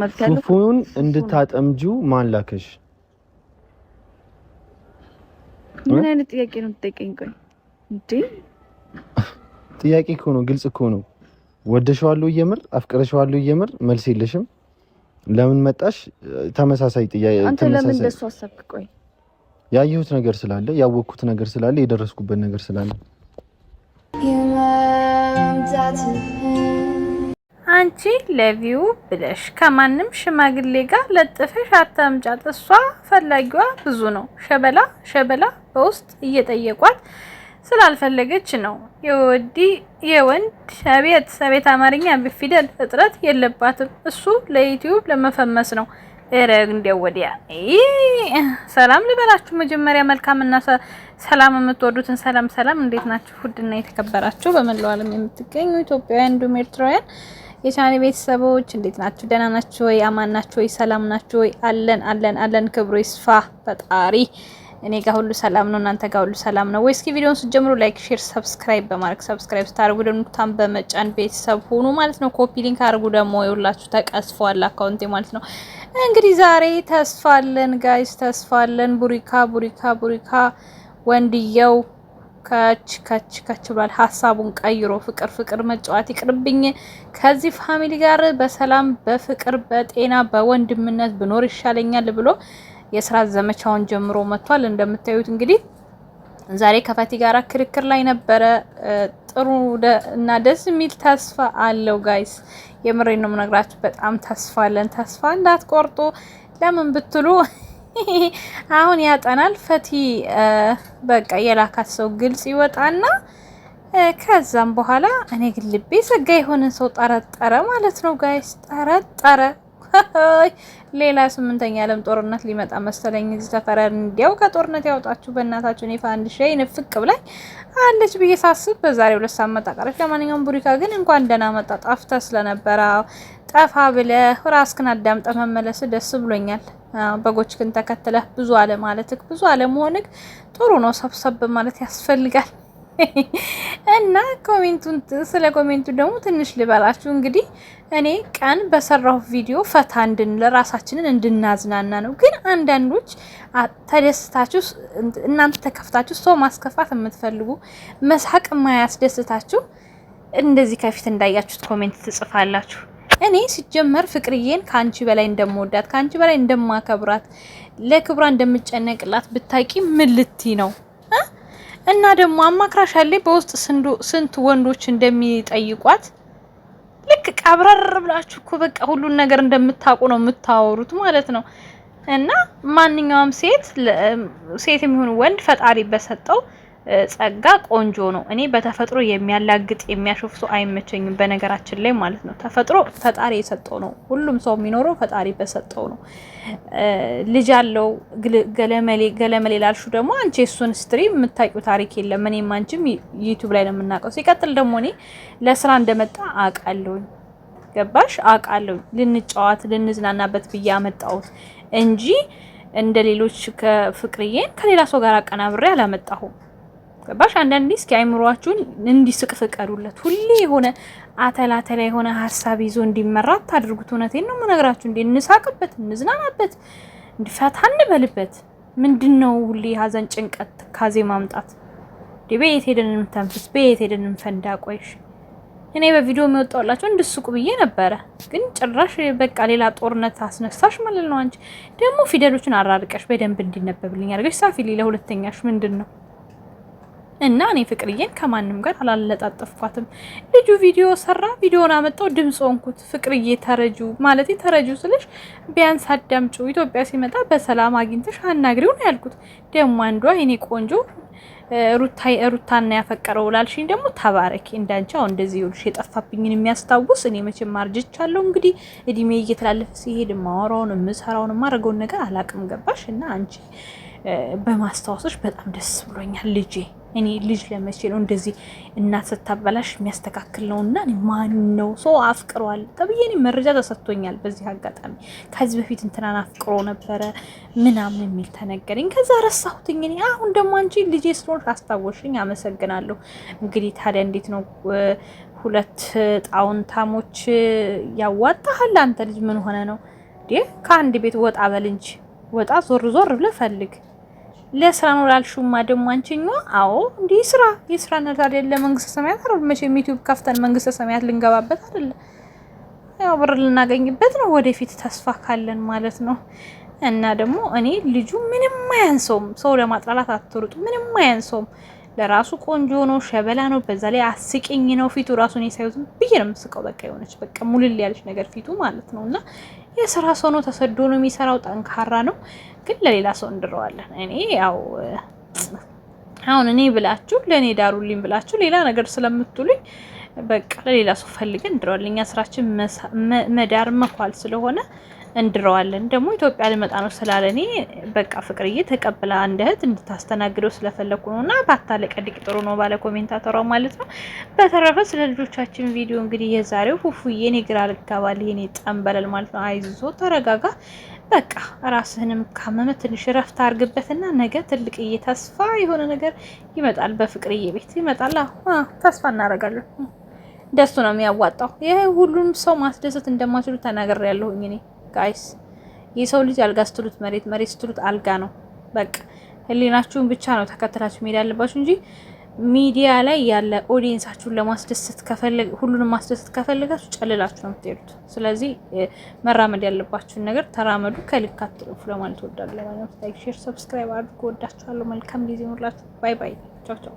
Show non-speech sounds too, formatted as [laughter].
መብት ያለው ሱፉን እንድታጠምጁ ማን ላከሽ? ምን አይነት ጥያቄ ነው የምትጠይቀኝ? ቆይ እንዴ ጥያቄ እኮ ነው፣ ግልጽ እኮ ነው። ወደሽዋለሁ እየምር አፍቅረሽዋለሁ እየምር መልስ የለሽም። ለምን መጣሽ? ተመሳሳይ ጥያቄ። አንተ ለምን እንደሱ አሰብክ? ቆይ ያየሁት ነገር ስላለ ያወቅኩት ነገር ስላለ የደረስኩበት ነገር ስላለ አንቺ ለቪው ብለሽ ከማንም ሽማግሌ ጋር ለጥፈሽ አታምጫት። እሷ ፈላጊዋ ብዙ ነው። ሸበላ ሸበላ በውስጥ እየጠየቋት ስላልፈለገች ነው። የወዲ የወንድ አቤት አቤት አማርኛ በፊደል እጥረት የለባትም። እሱ ለዩቲዩብ ለመፈመስ ነው። ኧረ እንዲያው ወዲያ ሰላም ልበላችሁ። መጀመሪያ መልካምና ሰላም የምትወዱትን ሰላም ሰላም፣ እንዴት ናችሁ? ውድና የተከበራችሁ በመላው ዓለም የምትገኙ ኢትዮጵያውያን እንዲሁም ኤርትራውያን የቻኔ ቤተሰቦች እንዴት ናችሁ? ደህና ናችሁ ወይ? አማን ናችሁ ወይ? ሰላም ናችሁ ወይ? አለን አለን አለን። ክብሩ ይስፋ ፈጣሪ። እኔ ጋር ሁሉ ሰላም ነው፣ እናንተ ጋር ሁሉ ሰላም ነው ወይ? እስኪ ቪዲዮውን ስትጀምሩ ላይክ፣ ሼር፣ ሰብስክራይብ በማድረግ ሰብስክራይብ ስታደርጉ ደግሞ ታም በመጫን ቤተሰብ ሆኑ ማለት ነው። ኮፒ ሊንክ አድርጉ ደግሞ የሁላችሁ ተቀስፈዋል አካውንቴ ማለት ነው። እንግዲህ ዛሬ ተስፋለን ጋይስ፣ ተስፋለን ቡሪካ ቡሪካ ቡሪካ ወንድየው ከች ከች ከች ብሏል። ሀሳቡን ቀይሮ ፍቅር ፍቅር መጫወት ይቅርብኝ፣ ከዚህ ፋሚሊ ጋር በሰላም በፍቅር በጤና በወንድምነት ብኖር ይሻለኛል ብሎ የስራ ዘመቻውን ጀምሮ መጥቷል። እንደምታዩት እንግዲህ ዛሬ ከፈቲ ጋር ክርክር ላይ ነበረ። ጥሩ እና ደስ የሚል ተስፋ አለው ጋይስ፣ የምሬ ነው የምነግራችሁ። በጣም ተስፋ አለን። ተስፋ እንዳትቆርጡ ለምን ብትሉ [laughs] አሁን ያጠናል ፈቲ በቃ የላካት ሰው ግልጽ ይወጣና ከዛም በኋላ እኔ ግን ልቤ ዘጋ። የሆነ ሰው ጠረጠረ ማለት ነው ጋይስ፣ ጠረጠረ። [laughs] ሌላ ስምንተኛ ዓለም ጦርነት ሊመጣ መሰለኝ እዚህ ሰፈር። እንዲያው ከጦርነት ያወጣችሁ በእናታችሁ። እኔ አንድ ሻይ ንፍቅ ብላኝ አለች ብዬ ሳስብ በዛሬ ሁለት ሳመጣ ቀረች። ለማንኛውም ቡሪካ ግን እንኳን ደህና መጣ። ጣፍታ ስለነበረ ጠፋ ብለህ ራስክን አዳምጠ መመለስ ደስ ብሎኛል። በጎችክን ተከትለህ ብዙ ማለት ብዙ አለመሆንክ ጥሩ ነው። ሰብሰብ ማለት ያስፈልጋል። [laughs] እና ኮሜንቱን ስለ ኮሜንቱ ደግሞ ትንሽ ልበላችሁ። እንግዲህ እኔ ቀን በሰራሁ ቪዲዮ ፈታ እንድን ለራሳችንን እንድናዝናና ነው። ግን አንዳንዶች ተደስታችሁ እናንተ ተከፍታችሁ ሰው ማስከፋት የምትፈልጉ መሳቅ ማያስደስታችሁ እንደዚህ ከፊት እንዳያችሁት ኮሜንት ትጽፋላችሁ። እኔ ሲጀመር ፍቅርዬን ከአንቺ በላይ እንደምወዳት ከአንቺ በላይ እንደማከብራት ለክብሯ እንደምጨነቅላት ብታቂ ምን ልቲ ነው? እና ደግሞ አማክራሽ አለ በውስጥ ስንት ወንዶች እንደሚጠይቋት ልክ ቀብረር ብላችሁ እኮ በቃ ሁሉን ነገር እንደምታውቁ ነው የምታወሩት ማለት ነው። እና ማንኛውም ሴት ሴት የሚሆን ወንድ ፈጣሪ በሰጠው ጸጋ ቆንጆ ነው። እኔ በተፈጥሮ የሚያላግጥ የሚያሾፍ ሰው አይመቸኝም፣ በነገራችን ላይ ማለት ነው። ተፈጥሮ ፈጣሪ የሰጠው ነው። ሁሉም ሰው የሚኖረው ፈጣሪ በሰጠው ነው። ልጅ አለው ገለመሌ ገለመሌ ላልሹ ደግሞ አንቺ የሱን ስትሪ የምታውቂው ታሪክ የለም። እኔም አንቺም ዩቱብ ላይ ነው የምናውቀው። ሲቀጥል ደግሞ እኔ ለስራ እንደመጣ አውቃለሁኝ። ገባሽ? አውቃለሁኝ። ልንጫዋት ልንዝናናበት ብዬ አመጣሁት እንጂ እንደ ሌሎች ከፍቅርዬን ከሌላ ሰው ጋር አቀናብሬ አላመጣሁም። ገባሽ? አንዳንዴ እስኪ አይምሯችሁን እንዲስቅ ፍቀዱለት። ሁሌ የሆነ አተላ አተላ የሆነ ሀሳብ ይዞ እንዲመራ ታድርጉት። እውነቴን ነው የምነግራችሁ። እንዴ እንሳቅበት፣ እንዝናናበት፣ እንዲፈታ እንበልበት። ምንድን ነው ሁሌ ሀዘን፣ ጭንቀት፣ ትካዜ ማምጣት? እንዴ በየት ሄደን እንተንፍስ፣ ቤት ሄደን እንፈንዳ። ቆይሽ እኔ በቪዲዮ የሚወጣውላችሁ እንድስቁ ብዬ ነበረ፣ ግን ጭራሽ በቃ ሌላ ጦርነት አስነሳሽ ማለት ነው። አንቺ ደግሞ ፊደሎችን አራርቀሽ በደንብ እንዲነበብልኝ አድርገሽ ሳፊ። ሌላ ሁለተኛሽ ምንድን ነው? እና እኔ ፍቅርዬን ከማንም ጋር አላለጣጠፍኳትም። ልጁ ቪዲዮ ሰራ፣ ቪዲዮን አመጣው፣ ድምፅ ሆንኩት። ፍቅርዬ ተረጁ ማለት ተረጁ ስልሽ ቢያንስ አዳምጩ፣ ኢትዮጵያ ሲመጣ በሰላም አግኝተሽ አናግሪው ነው ያልኩት። ደግሞ አንዷ የኔ ቆንጆ ሩታና ያፈቀረው ላልሽኝ ደግሞ ተባረኪ። እንዳንቺ አሁን እንደዚህ ይኸውልሽ የጠፋብኝን የሚያስታውስ እኔ መቼም ማርጅቻለሁ። እንግዲህ እድሜ እየተላለፈ ሲሄድ ማወራውን የምሰራውን የማደርገውን ነገር አላቅም ገባሽ? እና አንቺ በማስታወሶች በጣም ደስ ብሎኛል ልጄ እኔ ልጅ ለመቼ ነው እንደዚህ እናት ስታበላሽ የሚያስተካክል ነው እና ማን ነው ሰው አፍቅሯል ተብዬ እኔ መረጃ ተሰጥቶኛል። በዚህ አጋጣሚ ከዚህ በፊት እንትናን አፍቅሮ ነበረ ምናምን የሚል ተነገረኝ። ከዛ ረሳሁትኝ። እኔ አሁን ደግሞ አንቺ ልጄ ስለሆንሽ አስታወሽኝ፣ አመሰግናለሁ። እንግዲህ ታዲያ እንዴት ነው ሁለት ጣውንታሞች ያዋጣሃል? አንተ ልጅ ምን ሆነ ነው ከአንድ ቤት ወጣ በል እንጂ ወጣ ዞር ዞር ብለህ ፈልግ። ለስራ ነው ላልሹማ ደግሞ አንቺኛ አዎ እንዲህ ስራ የስራ ነት አይደለ መንግስተ ሰማያት አረ መቼም ዩቲዩብ ከፍተን መንግስተ ሰማያት ልንገባበት አይደለ ያው ብር ልናገኝበት ነው ወደፊት ተስፋ ካለን ማለት ነው። እና ደግሞ እኔ ልጁ ምንም አያንሰውም፣ ሰው ለማጥላላት አትሩጡ። ምንም አያንሰውም። ለራሱ ቆንጆ ነው፣ ሸበላ ነው፣ በዛ ላይ አስቂኝ ነው። ፊቱ ራሱ እኔ ሳይሆን ብዬ ነው የምስቀው። በቃ የሆነች በቃ ሙልል ያለች ነገር ፊቱ ማለት ነው። እና የስራ ሰው ነው፣ ተሰዶ ነው የሚሰራው፣ ጠንካራ ነው። ግን ለሌላ ሰው እንድረዋለን። እኔ ያው አሁን እኔ ብላችሁ ለእኔ ዳሩልኝ ብላችሁ ሌላ ነገር ስለምትሉኝ በቃ ለሌላ ሰው ፈልገን እንድረዋለን። እኛ ስራችን መዳር መኳል ስለሆነ እንድረዋለን። ደግሞ ኢትዮጵያ ልመጣ ነው ስላለ እኔ በቃ ፍቅርዬ ተቀብላ አንድ እህት እንድታስተናግደው ስለፈለግኩ ነው። እና ባታለቀልቅ ጥሩ ነው ባለ ኮሜንታተሯ ማለት ነው። በተረፈ ስለ ልጆቻችን ቪዲዮ እንግዲህ የዛሬው ፉፉዬ እኔ ግራ ልጋባል የኔ ጠንበለል ማለት ነው። አይዞ ተረጋጋ። በቃ ራስህንም ካመመ ትንሽ ረፍት አርግበትና ነገ ትልቅዬ ተስፋ የሆነ ነገር ይመጣል፣ በፍቅርዬ ቤት ይመጣል። ተስፋ እናደርጋለን። ደሱ ነው የሚያዋጣው። ይህ ሁሉም ሰው ማስደሰት እንደማችሉ ያለሁኝ እኔ ጋይስ የሰው ልጅ አልጋ ስትሉት መሬት፣ መሬት ስትሉት አልጋ ነው። በቃ ህሊናችሁን ብቻ ነው ተከትላችሁ መሄድ ያለባችሁ እንጂ ሚዲያ ላይ ያለ ኦዲየንሳችሁን ለማስደሰት ከፈለግ ሁሉንም ማስደሰት ከፈለጋችሁ ጨልላችሁ ነው የምትሄዱት። ስለዚህ መራመድ ያለባችሁን ነገር ተራመዱ፣ ከልክ አትለፉ ለማለት ወዳለ ማለት ላይክ፣ ሼር፣ ሰብስክራይብ አድርጎ ወዳችኋለሁ። መልካም ጊዜ ይሁንላችሁ። ባይ ባይ። ቻው ቻው።